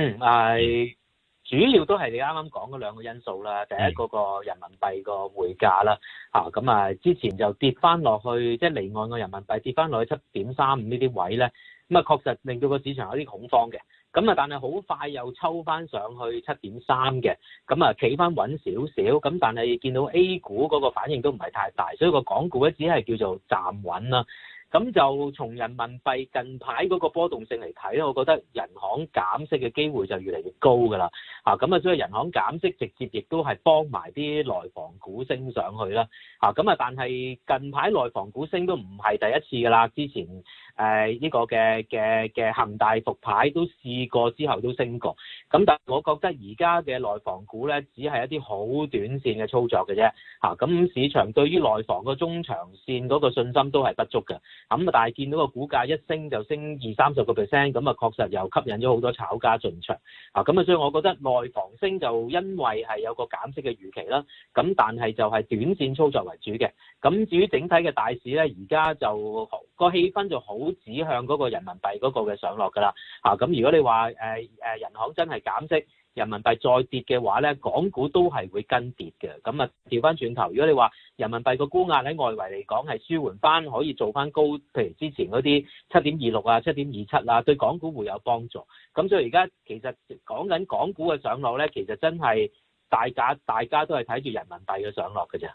嗯，係主要都係你啱啱講嗰兩個因素啦，第一嗰個人民幣個匯價啦，啊，咁啊之前就跌翻落去，即係離岸個人民幣跌翻落去七點三五呢啲位咧，咁啊確實令到個市場有啲恐慌嘅，咁啊但係好快又抽翻上去七點三嘅，咁啊企翻穩少少，咁但係見到 A 股嗰個反應都唔係太大，所以個港股咧只係叫做暫穩啦。咁就從人民幣近排嗰個波動性嚟睇咧，我覺得人行減息嘅機會就越嚟越高㗎啦。咁啊，所以人行減息直接亦都係幫埋啲內房股升上去啦。咁啊，但係近排內房股升都唔係第一次㗎啦。之前誒呢、呃這個嘅嘅嘅恆大復牌都試過之後都升過。咁、啊、但係我覺得而家嘅內房股咧，只係一啲好短線嘅操作嘅啫。咁、啊啊、市場對於內房個中長線嗰個信心都係不足嘅。咁啊，但係見到個股價一升就升二三十個 percent，咁啊確實又吸引咗好多炒家進場啊！咁啊，所以我覺得內房升就因為係有個減息嘅預期啦。咁但係就係短線操作為主嘅。咁至於整體嘅大市咧，而家就、個氣氛就好指向嗰個人民幣嗰個嘅上落㗎啦。咁如果你話誒、呃呃、人行真係減息。人民幣再跌嘅話咧，港股都係會跟跌嘅。咁啊，調翻轉頭，如果你話人民幣個沽壓喺外圍嚟講係舒緩翻，可以做翻高，譬如之前嗰啲七點二六啊，七點二七啊，對港股會有幫助。咁所以而家其實講緊港股嘅上落咧，其實真係大家大家都係睇住人民幣嘅上落嘅咋。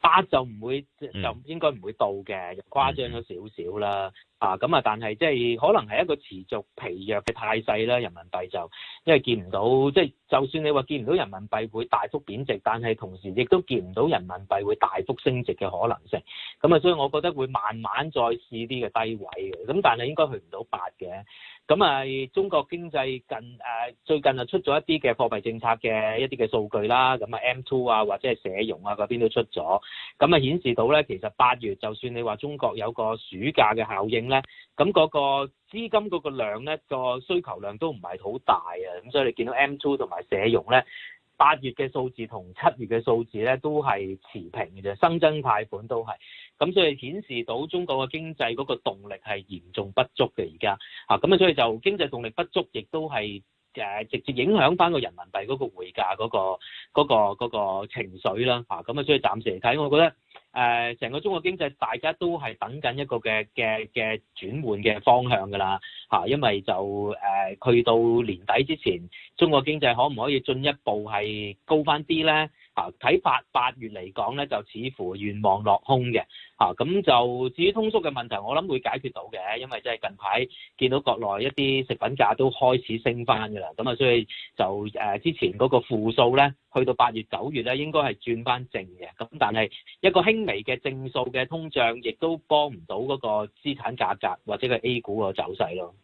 八就唔會，就應該唔會到嘅，嗯、誇張咗少少啦。啊、嗯，咁啊，但係即係可能係一個持續疲弱嘅態勢啦。人民幣就因為見唔到，即係就算你話見唔到人民幣會大幅貶值，但係同時亦都見唔到人民幣會大幅升值嘅可能性。咁啊，所以我覺得會慢慢再試啲嘅低位嘅，咁但係應該去唔到八嘅。咁啊，中國經濟近最近啊出咗一啲嘅貨幣政策嘅一啲嘅數據啦，咁啊 M2 啊或者係社融啊嗰邊都出咗，咁啊顯示到咧，其實八月就算你話中國有個暑假嘅效應咧，咁嗰個資金嗰個量咧、個需求量都唔係好大啊，咁所以你見到 M2 同埋社融咧。八月嘅數字同七月嘅數字咧都係持平嘅啫，新增貸款都係，咁所以顯示到中國嘅經濟嗰個動力係嚴重不足嘅而家，啊咁啊所以就經濟動力不足，亦都係誒直接影響翻個人民幣嗰、嗰個匯價嗰個情緒啦，啊咁啊所以暫時嚟睇，我覺得。誒，成、呃、個中國經濟大家都係等緊一個嘅嘅嘅轉換嘅方向㗎啦，啊，因為就誒、呃、去到年底之前，中國經濟可唔可以進一步係高翻啲咧？睇八八月嚟講咧，就似乎願望落空嘅，咁、啊、就至於通縮嘅問題，我諗會解決到嘅，因為即係近排見到國內一啲食品價都開始升翻㗎啦，咁啊，所以就誒、呃、之前嗰個負數咧。去到八月九月咧，應該係轉翻正嘅。咁但係一個輕微嘅正數嘅通脹，亦都幫唔到嗰個資產價格或者個 A 股嘅走勢咯。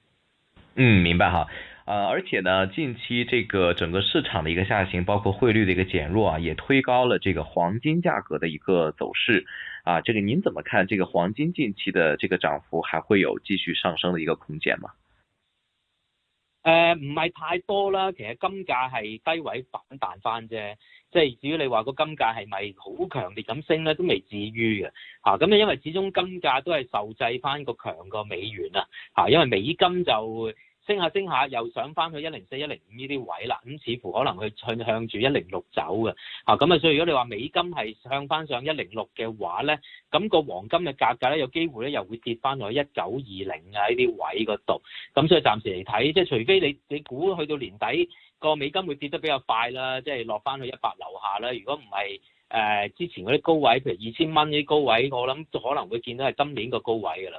嗯，明白哈。呃，而且呢近期這個整個市場嘅一個下行，包括匯率嘅一個減弱啊，也推高了這個黃金價格嘅一個走勢。啊，這個您怎麼看？這個黃金近期的這個漲幅，還會有繼續上升嘅一個空間嗎？誒唔係太多啦，其實金價係低位反彈翻啫，即係至於你話個金價係咪好強烈咁升咧，都未至於嘅嚇。咁啊，因為始終金價都係受制翻個強個美元啊嚇，因為美金就，升下升下，又上翻去一零四、一零五呢啲位啦，咁似乎可能佢向向住一零六走嘅，咁、嗯、啊，所以如果你話美金係向翻上一零六嘅話咧，咁、個黃金嘅價格咧，有機會咧又會跌翻落一九二零啊呢啲位嗰度，咁、嗯、所以暫時嚟睇，即係除非你你估去到年底個美金會跌得比較快啦，即係落翻去一百樓下啦。如果唔係，誒、呃、之前嗰啲高位，譬如二千蚊啲高位，我諗可能會見到係今年個高位㗎啦。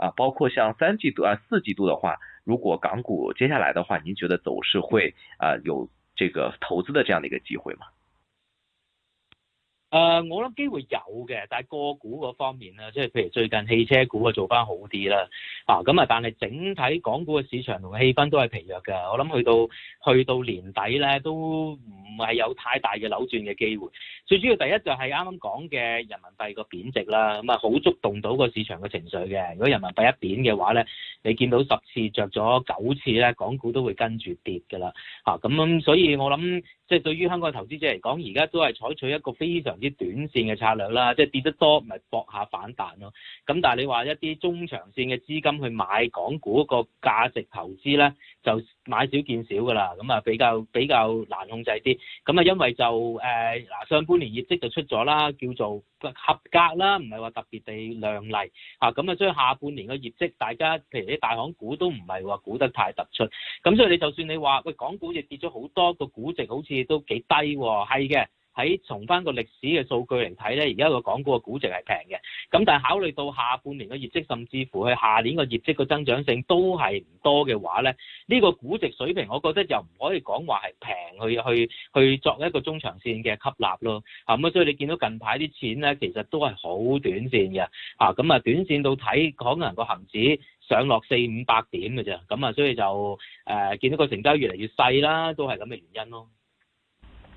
啊，包括像三季度啊、四季度的話，如果港股接下來的話，您覺得走勢會啊，有這個投資的這樣的一個機會嗎？誒、呃，我諗機會有嘅，但係個股嗰方面咧，即係譬如最近汽車股啊，做翻好啲啦。啊，咁啊，但係整體港股嘅市場同氣氛都係疲弱㗎。我諗去到去到年底咧，都唔係有太大嘅扭轉嘅機會。最主要第一就係啱啱講嘅人民幣個貶值啦，咁啊好觸動到個市場嘅情緒嘅。如果人民幣一貶嘅話咧，你見到十次着咗九次咧，港股都會跟住跌噶啦。啊，咁、嗯、所以我諗。即係對於香港投資者嚟講，而家都係採取一個非常之短線嘅策略啦，即係跌得多咪搏下反彈咯。咁但係你話一啲中長線嘅資金去買港股個價值投資咧，就買少見少㗎啦。咁啊比較比較難控制啲。咁啊因為就誒嗱上半年業績就出咗啦，叫做。合格啦，唔係話特別地亮麗吓咁啊，所以下半年嘅業績，大家譬如啲大行股都唔係話估得太突出，咁所以你就算你話，喂，港股亦跌咗好多，個估值好似都幾低喎，係嘅。喺從翻個歷史嘅數據嚟睇咧，而家個港股嘅估值係平嘅，咁但係考慮到下半年嘅業績，甚至乎佢下年嘅業績嘅增長性都係唔多嘅話咧，呢、這個估值水平我覺得又唔可以講話係平去去去作一個中長線嘅吸納咯。啊，咁啊，所以你見到近排啲錢咧，其實都係好短線嘅。啊，咁啊，短線到睇可能個恒指上落四五百點嘅啫。咁啊，所以就誒、呃、見到個成交越嚟越細啦，都係咁嘅原因咯。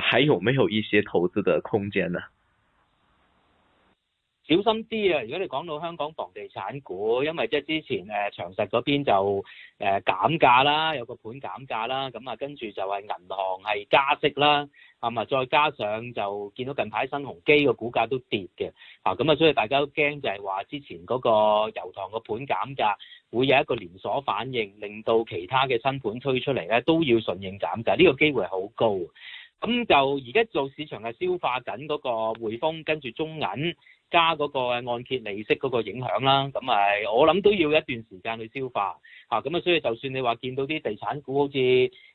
還有沒有一些投資的空間呢？小心啲啊！如果你講到香港房地產股，因為即係之前誒長、呃、實嗰邊就誒減價啦，有個盤減價啦，咁啊跟住就係銀行係加息啦，係咪？再加上就見到近排新鴻基個股價都跌嘅，咁啊、嗯、所以大家都驚就係話之前嗰個油塘個盤減價會有一個連鎖反應，令到其他嘅新盤推出嚟咧都要順應減價，呢、這個機會係好高。咁就而家做市場係消化緊嗰個匯豐跟住中銀加嗰個按揭利息嗰個影響啦，咁咪我諗都要一段時間去消化吓，咁啊所以就算你話見到啲地產股好似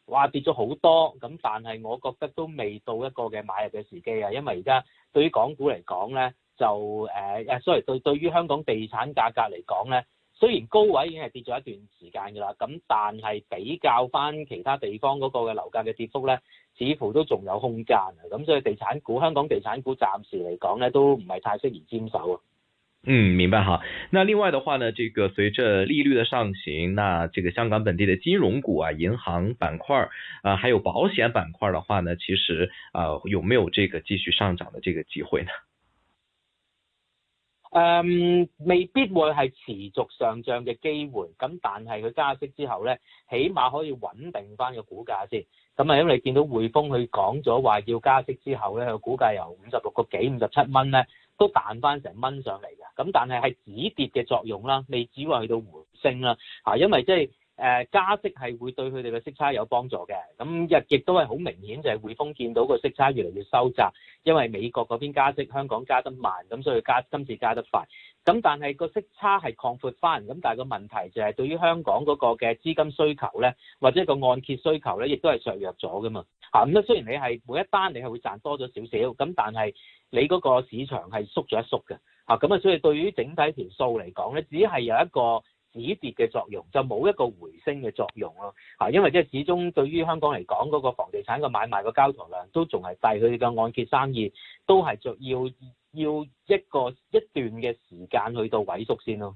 哇跌咗好多，咁但係我覺得都未到一個嘅買入嘅時機啊，因為而家對於港股嚟講咧，就誒誒 sorry 對對於香港地產價格嚟講咧。雖然高位已經係跌咗一段時間㗎啦，咁但係比較翻其他地方嗰個嘅樓價嘅跌幅咧，似乎都仲有空間啊。咁所以地產股，香港地產股暫時嚟講咧，都唔係太適宜沾手啊。嗯，明白哈。那另外的話呢，這個隨着利率的上行，那這個香港本地的金融股啊，銀行板塊啊、呃，還有保險板塊的話呢，其實啊、呃，有沒有這個繼續上漲的這個機會呢？誒、嗯，未必會係持續上漲嘅機會，咁但係佢加息之後咧，起碼可以穩定翻個股價先。咁啊，因為你見到匯豐佢講咗話要加息之後咧，佢股價由五十六個幾、五十七蚊咧，都彈翻成蚊上嚟嘅。咁但係係止跌嘅作用啦，未止話去到回升啦。啊，因為即係。誒加息係會對佢哋嘅息差有幫助嘅，咁日亦都係好明顯，就係匯豐見到個息差越嚟越收窄，因為美國嗰邊加息，香港加得慢，咁所以加今次加得快，咁但係個息差係擴闊返，咁但係個問題就係對於香港嗰個嘅資金需求咧，或者個按揭需求咧，亦都係削弱咗㗎嘛，吓咁咧，雖然你係每一單你係會賺多咗少少，咁但係你嗰個市場係縮咗一縮嘅，吓咁啊，所以對於整體條數嚟講咧，只係有一個。止跌嘅作用就冇一個回升嘅作用咯，嚇，因為即係始終對於香港嚟講，嗰個房地產嘅買賣個交投量都仲係低，佢哋嘅按揭生意都係就要要一個,要一個,一段嘅時間去到萎縮先咯。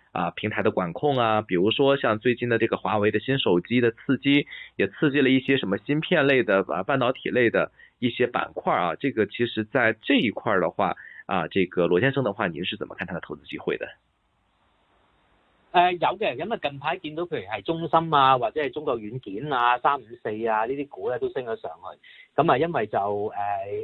啊，平台的管控啊，比如說像最近的這個華為的新手機的刺激，也刺激了一些什麼芯片類的啊，半導體類的一些板塊啊。這個其實在這一塊的話啊，這個羅先生的話，您是怎麼看他的投資機會的？呃、有嘅，因為，近排見到譬如係中芯啊，或者係中國軟件啊、三五四啊呢啲股咧都升咗上去。咁啊，因為就誒誒、呃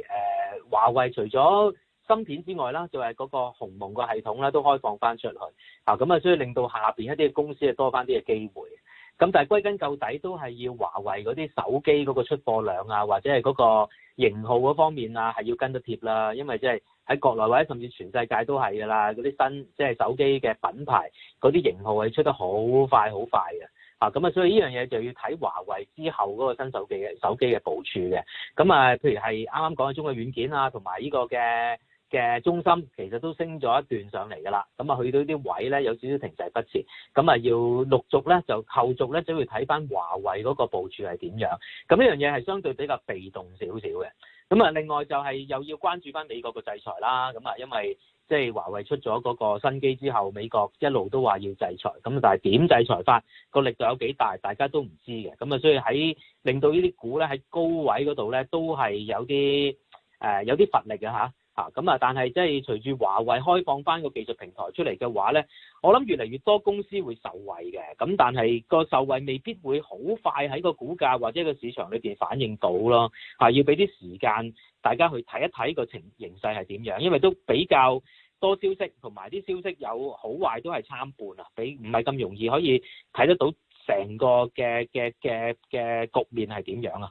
呃，華為除咗芯片之外啦，就係、是、嗰個鴻蒙個系統咧都開放翻出去。咁啊，所以令到下面一啲公司多翻啲嘅機會。咁但係歸根究底都係要華為嗰啲手機嗰個出貨量啊，或者係嗰個型號嗰方面啊，係要跟得貼啦。因為即係喺國內或者甚至全世界都係㗎啦，嗰啲新即係、就是、手機嘅品牌嗰啲型號係出得好快好快嘅。咁啊，所以呢樣嘢就要睇華為之後嗰個新手機嘅手機嘅部署嘅。咁啊，譬如係啱啱講嘅中國軟件啊，同埋呢個嘅。嘅中心其實都升咗一段上嚟㗎啦，咁啊去到啲位咧有少少停滯不前，咁啊要陸續咧就後續咧，就要睇翻華為嗰個部署係點樣，咁呢樣嘢係相對比較被動少少嘅，咁啊另外就係又要關注翻美國嘅制裁啦，咁啊因為即係華為出咗嗰個新機之後，美國一路都話要制裁，咁但係點制裁法個力度有幾大，大家都唔知嘅，咁啊所以喺令到呢啲股咧喺高位嗰度咧都係有啲誒有啲乏力嘅嚇。吓，咁啊，但係即係隨住華為開放翻個技術平台出嚟嘅話咧，我諗越嚟越多公司會受惠嘅。咁但係個受惠未必會好快喺個股價或者個市場裏邊反映到咯。啊，要俾啲時間大家去睇一睇個情形勢係點樣，因為都比較多消息，同埋啲消息有好壞都係參半啊，俾唔係咁容易可以睇得到成個嘅嘅嘅嘅局面係點樣啊。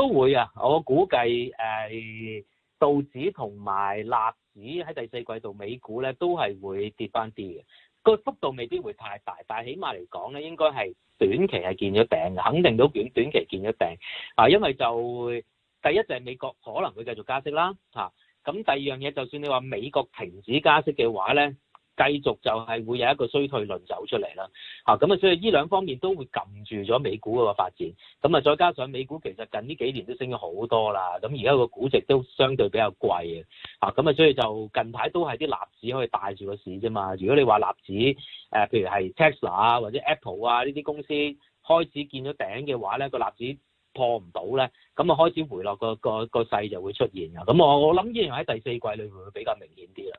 都會啊！我估計誒、哎、道指同埋納指喺第四季度美股咧都係會跌翻啲嘅，個幅度未必會太大，但係起碼嚟講咧，應該係短期係見咗頂，肯定都短短期見咗頂啊！因為就會第一就係美國可能會繼續加息啦嚇，咁、啊、第二樣嘢就算你話美國停止加息嘅話咧。繼續就係會有一個衰退論走出嚟啦，咁啊，所以呢兩方面都會撳住咗美股嗰個發展，咁啊，再加上美股其實近呢幾年都升咗好多啦，咁而家個估值都相對比較貴啊，咁啊，所以就近排都係啲納指可以帶住個市啫嘛。如果你話納指誒、呃，譬如係 Tesla 啊或者 Apple 啊呢啲公司開始見到頂嘅話咧，個納指破唔到咧，咁啊，開始回落、個、個、個勢就會出現嘅。咁我我諗依然喺第四季裏面會比較明顯啲啦。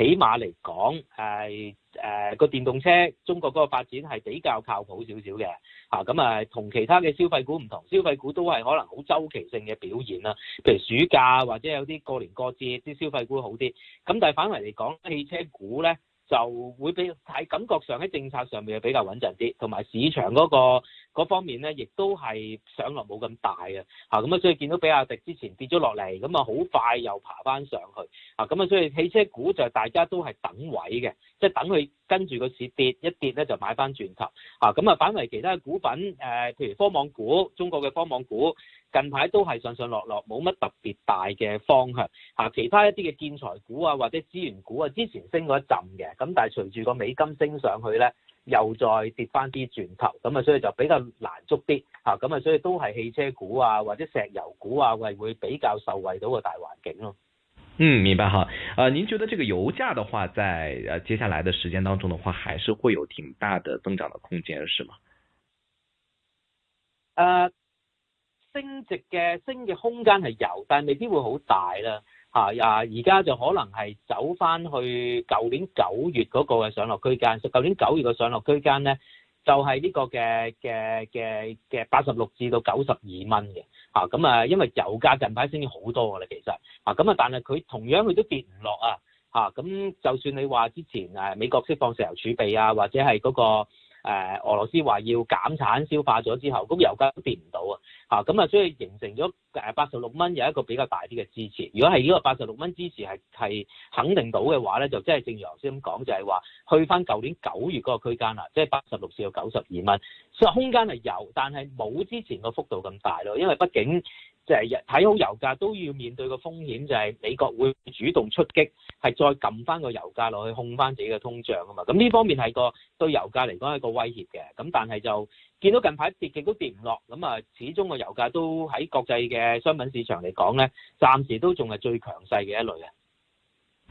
起碼嚟講，係誒個電動車中國嗰個發展係比較靠譜少少嘅，嚇、咁啊同其他嘅消費股唔同，消費股都係可能好周期性嘅表現啦，譬如暑假或者有啲過年過節啲消費股好啲，咁但係反過嚟講汽車股咧。就會比喺感覺上喺政策上面比較穩陣啲，同埋市場嗰個嗰方面咧，亦都係上落冇咁大嘅吓，咁啊所以見到比亞迪之前跌咗落嚟，咁啊好快又爬翻上去，咁啊所以汽車股就大家都係等位嘅，即係等佢。跟住個市跌，一跌咧就買翻轉頭，嚇，咁啊反為其他嘅股份，誒譬如科網股、中國嘅科網股，近排都係上上落落，冇乜特別大嘅方向嚇。其他一啲嘅建材股啊，或者資源股啊，之前升過一陣嘅，咁但係隨住個美金升上去咧，又再跌翻啲轉頭，咁啊所以就比較難捉啲嚇，咁啊所以都係汽車股啊或者石油股啊會比較受惠到個大環境咯。嗯，明白哈。呃，您覺得這個油價的話，在呃、啊、接下來的時間當中的話，還是會有挺大的增長的空間，是嗎？誒、呃，升值嘅升嘅空間係有，但未必會好大啦。吓啊，而、啊、家就可能係走翻去舊年九月嗰個嘅上落區間，就舊年九月嘅上落區間咧。就係呢個嘅嘅嘅嘅八十六至到九十二蚊嘅，吓，咁啊，因為油價近排升咗好多㗎啦，其實咁啊，但係佢同樣佢都跌唔落啊，咁、啊、就算你話之前、啊、美國釋放石油儲備啊，或者係嗰、嗰個。誒，俄羅斯話要減產，消化咗之後，咁油價都跌唔到啊！嚇，咁啊，所以形成咗誒八十六蚊有一個比較大啲嘅支持。如果係呢個八十六蚊支持係係肯定到嘅話咧，就即係正如頭先咁講，就係話去翻舊年九月嗰個區間啦，即係八十六至到九十二蚊，所以空間係有，但係冇之前個幅度咁大咯，因為畢竟。就係睇好油價都要面對個風險，就係美國會主動出擊，係再撳翻個油價落去控翻自己嘅通脹啊嘛。咁呢方面係個對油價嚟講一個威脅嘅。咁但係就見到近排跌極都跌唔落，咁啊始終個油價都喺國際嘅商品市場嚟講咧，暫時都仲係最強勢嘅一類嘅。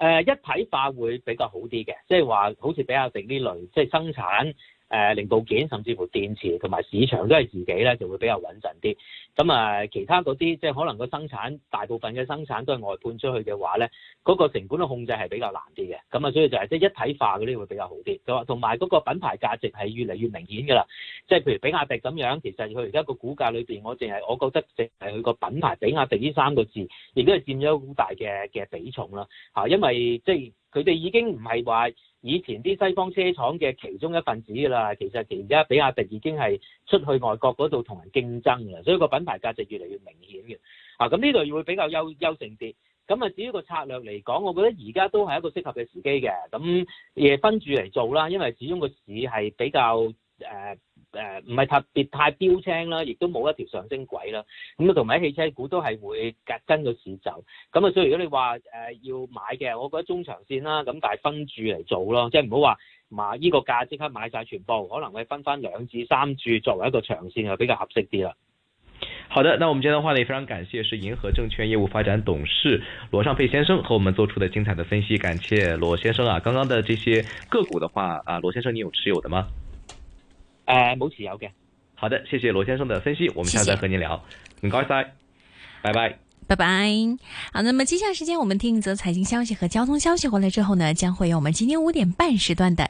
誒，一體化會比較好啲嘅，即係話好似比亞迪呢類，即係生產。誒、呃、零部件甚至乎電池同埋市場都係自己咧，就會比較穩陣啲。咁啊，其他嗰啲即係可能個生產大部分嘅生產都係外判出去嘅話咧，嗰、嗰個成本嘅控制係比較難啲嘅。咁啊，所以就係即係一體化嗰啲會比較好啲。咁同埋嗰個品牌價值係越嚟越明顯㗎啦。即係譬如比亞迪咁樣，其實佢而家個股價裏面我只，我淨係我覺得淨係佢個品牌比亞迪呢三個字，亦都係佔咗好大嘅嘅比重啦。嚇，因為即係佢哋已經唔係話，以前啲西方車廠嘅其中一份子噶啦，其實其而家比亞迪已經係出去外國嗰度同人競爭嘅，所以個品牌價值越嚟越明顯嘅。啊，咁呢度會比較優優勝啲。咁啊，至於個策略嚟講，我覺得而家都係一個適合嘅時機嘅。咁嘢分住嚟做啦，因為始終個市係比較誒。呃誒，唔係、呃、特別太標青啦，亦都冇一條上升軌啦。咁啊，同埋喺汽車股都係會夾跟個市走。咁啊，所以如果你話誒、呃、要買嘅，我覺得中長線啦，咁但係分住嚟做咯，即係唔好話買呢個價即刻買晒全部，可能係分翻兩至三注作為一個長線係比較合適啲啦。好的，那我們今天嘅話呢，非常感謝是銀河證券業務發展董事羅尚沛先生和我們做出的精彩的分析，感謝羅先生啊。剛剛的這些個股的話，啊，羅先生你有持有的嗎？誒，冇持有嘅。OK，好的，謝謝羅先生的分析，我們下次再和您聊，唔該晒，拜拜，拜拜。好，那麼接下來時間我們聽一則財經消息和交通消息，回來之後呢，將會有我們今天五點半時段的。